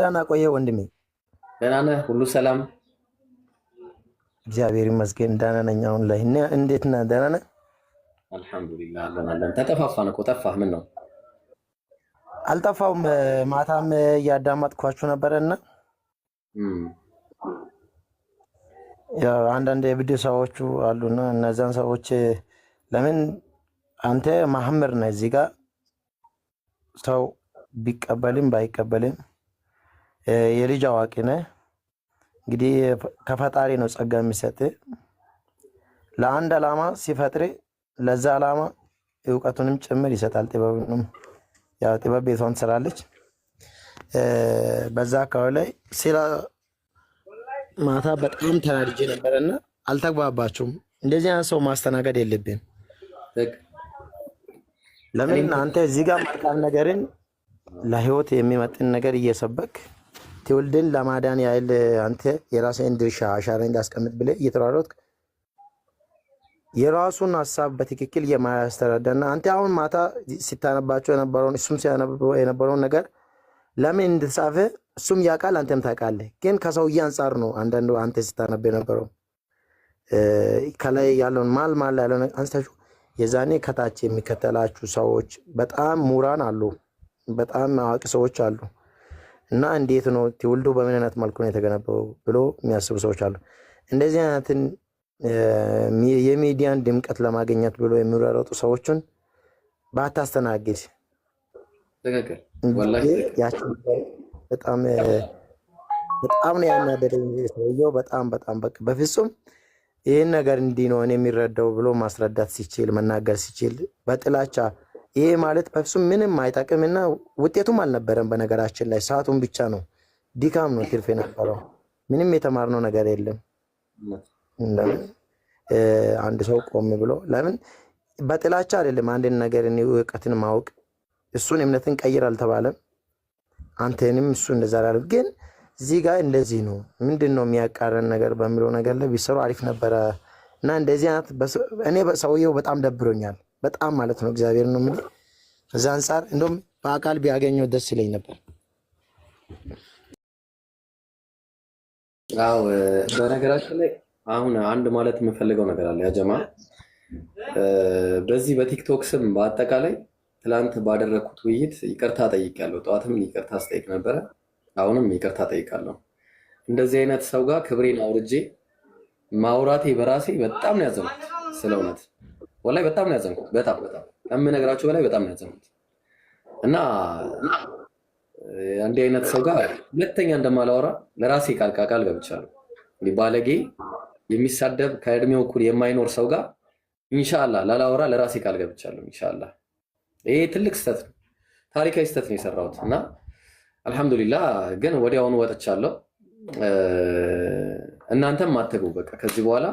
ደህና ቆየ ወንድሜ? ደህና ነህ? ሁሉ ሰላም? እግዚአብሔር ይመስገን ደህና ነኝ። አሁን ላይ እና እንዴት ነህ? ደህና ነህ? አልሐምዱሊላህ ደህና ነን። ተጠፋፋን እኮ ጠፋህ። ምን ነው አልጠፋውም። ማታም እያዳማጥኳችሁ ነበረ እና አንዳንድ የብድ ሰዎቹ አሉና እነዚያን ሰዎች ለምን አንተ ማህምር ነህ እዚህ ጋር ሰው ቢቀበልም ባይቀበልም የልጅ አዋቂ ነህ። እንግዲህ ከፈጣሪ ነው ጸጋ የሚሰጥ። ለአንድ ዓላማ ሲፈጥር ለዛ ዓላማ እውቀቱንም ጭምር ይሰጣል። ጥበብንም ያው ጥበብ ቤቷን ትሰራለች። በዛ አካባቢ ላይ ስለ ማታ በጣም ተናድጄ ነበረና አልተግባባችሁም። እንደዚህ አይነት ሰው ማስተናገድ የለብን። ለምን አንተ እዚህ ጋር መልካም ነገርን ለህይወት የሚመጥን ነገር እየሰበክ ትውልድን ለማዳን ያህል አንተ የራስህን ድርሻ አሻራ እንዳስቀምጥ ብለህ እየተሯሯጥክ የራሱን ሀሳብ በትክክል የማያስተዳደርና አንተ አሁን ማታ ሲታነባቸው የነበረውን እሱም ሲያነበው የነበረውን ነገር ለምን እንደተጻፈ እሱም ያውቃል፣ አንተም ታውቃለህ። ግን ከሰውዬ አንጻር ነው አንዳንዱ አንተ ስታነብ የነበረው ከላይ ያለውን ማል ማል ያለውን አንስታችሁ የዛኔ ከታች የሚከተላችሁ ሰዎች በጣም ምሁራን አሉ፣ በጣም አዋቂ ሰዎች አሉ። እና እንዴት ነው ትውልዱ በምን አይነት መልኩ ነው የተገነባው ብሎ የሚያስቡ ሰዎች አሉ። እንደዚህ አይነትን የሚዲያን ድምቀት ለማግኘት ብሎ የሚረረጡ ሰዎችን ባታስተናግድ በጣም ነው ያናደደኝ ሰውየው። በጣም በጣም በቃ በፍጹም ይህን ነገር እንዲህ ነው የሚረዳው ብሎ ማስረዳት ሲችል መናገር ሲችል በጥላቻ ይሄ ማለት በፍጹም ምንም አይጠቅምና ውጤቱም አልነበረም። በነገራችን ላይ ሰዓቱን ብቻ ነው፣ ድካም ነው ትርፍ የነበረው። ምንም የተማርነው ነገር የለም። አንድ ሰው ቆም ብሎ ለምን በጥላቻ አይደለም አንድን ነገር እውቀትን ማወቅ እሱን እምነትን ቀይር አልተባለም። አንተንም እሱ እንደዛ ላሉ ግን እዚህ ጋር እንደዚህ ነው ምንድን ነው የሚያቃረን ነገር በሚለው ነገር ላይ ቢሰሩ አሪፍ ነበረ እና እንደዚህ አይነት እኔ ሰውየው በጣም ደብሮኛል። በጣም ማለት ነው። እግዚአብሔር ነው የምልህ እዛ አንጻር እንደውም በአካል ቢያገኘው ደስ ይለኝ ነበር። አዎ በነገራችን ላይ አሁን አንድ ማለት የምፈልገው ነገር አለ ያጀማ በዚህ በቲክቶክ ስም በአጠቃላይ ትላንት ባደረግኩት ውይይት ይቅርታ ጠይቄያለሁ። ጠዋትም ይቅርታ ስጠይቅ ነበረ፣ አሁንም ይቅርታ ጠይቃለሁ። እንደዚህ አይነት ሰው ጋር ክብሬን አውርጄ ማውራቴ በራሴ በጣም ነው ያዘንኩት ስለ እውነት ወላሂ በጣም ነው ያዘንኩት። በጣም ከምነግራችሁ በላይ በጣም ነው ያዘንኩት። እና እንዲህ አይነት ሰው ጋር ሁለተኛ እንደማላወራ ለራሴ ቃል ቃል ገብቻለሁ። እንዲህ ባለጌ የሚሳደብ ከእድሜው እኩል የማይኖር ሰው ጋር ኢንሻላ ላላወራ ለራሴ ቃል ገብቻለሁ። ኢንሻላ ይሄ ትልቅ ስህተት ነው፣ ታሪካዊ ስህተት ነው የሰራሁት እና አልሐምዱሊላ ግን ወዲያውኑ ወጥቻለሁ። እናንተም አትግቡ በቃ ከዚህ በኋላ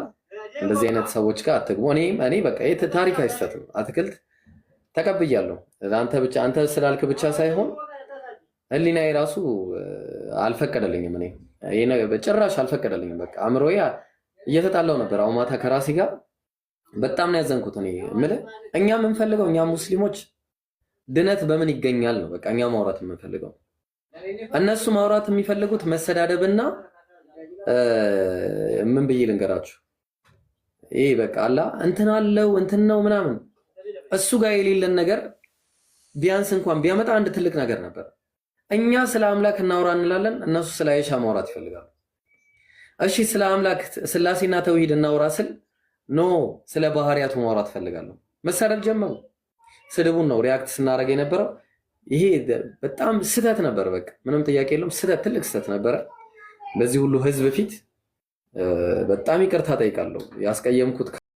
እንደዚህ አይነት ሰዎች ጋር አትግቡ። እኔ በቃ ታሪክ አይሰጥም። አትክልት ተቀብያለሁ። አንተ ብቻ አንተ ስላልክ ብቻ ሳይሆን ህሊናዬ ራሱ አልፈቀደልኝም። እኔ ጭራሽ አልፈቀደልኝም። በቃ አእምሮዬ እየተጣላው ነበር። አሁን ማታ ከራሴ ጋር በጣም ነው ያዘንኩት። እኔ የምልህ እኛ የምንፈልገው እኛ ሙስሊሞች ድነት በምን ይገኛል ነው በቃ እኛ ማውራት የምንፈልገው። እነሱ ማውራት የሚፈልጉት መሰዳደብና ምን ብዬ ልንገራችሁ ይሄ በቃ አላ እንትን አለው እንትን ነው ምናምን እሱ ጋር የሌለን ነገር ቢያንስ እንኳን ቢያመጣ አንድ ትልቅ ነገር ነበር። እኛ ስለ አምላክ እናውራ እንላለን፣ እነሱ ስለ አይሻ ማውራት ይፈልጋሉ። እሺ ስለ አምላክ ስላሴና ተውሂድ እናውራ ስል ኖ ስለ ባህሪያቱ ማውራት ይፈልጋሉ። መሳደብ ጀመሩ። ስድቡን ነው ሪያክት ስናደርግ የነበረው። ይሄ በጣም ስህተት ነበር። በቃ ምንም ጥያቄ የለውም ስህተት፣ ትልቅ ስህተት ነበረ በዚህ ሁሉ ህዝብ ፊት በጣም ይቅርታ ጠይቃለሁ ያስቀየምኩት